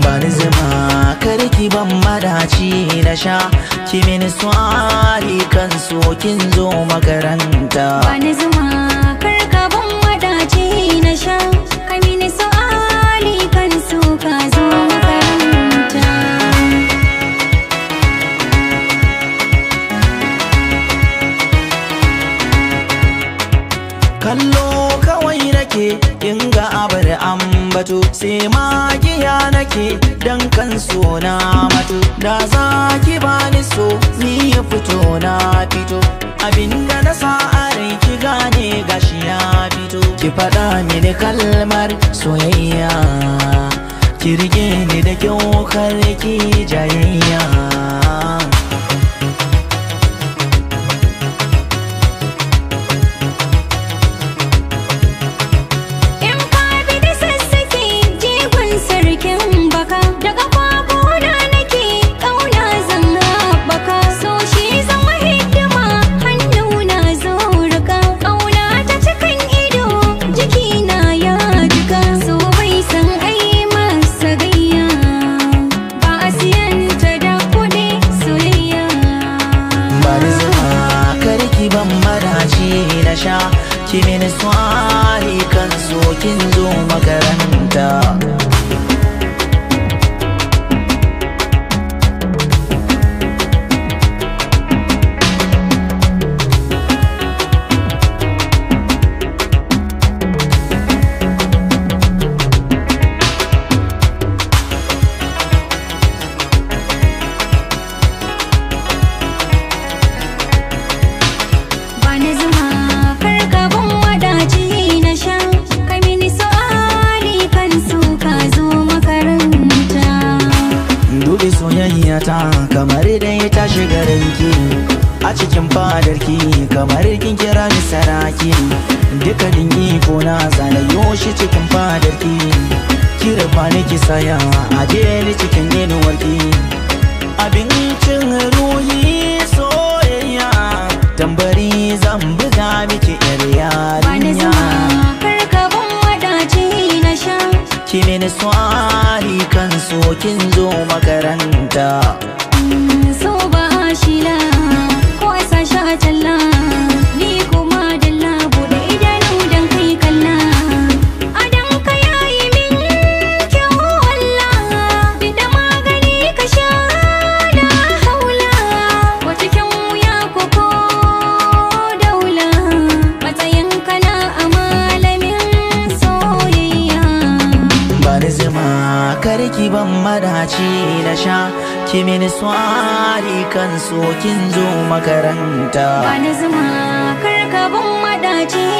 bani zama karki ban madaci na sha ki mini swali kan so kin zo makaranta bani zama kallo kawai nake in ga abar ambato sai magiya nake dan kan so na mato da za ki bani so ni ya fito na fito abinda na sa a rai ki gane gashi ya fito ki faɗa mini kalmar soyayya ki rige ni da kyau kar ki jayayya sha ki mini kan so kin zo makaranta kamar dai ta shiga ranki a cikin fadarki kamar kin kira ni saraki dukkanin iko na zanayo shi cikin fadarki ki ba ni ki saya a ni cikin inuwarki abincin ruhi soyayya tambari zan buga miki yar yarinya ni swari kan so kin zo makaranta karki ban madaci na sha ki mini swari kan so kin zo makaranta wani zuma karka ban madaci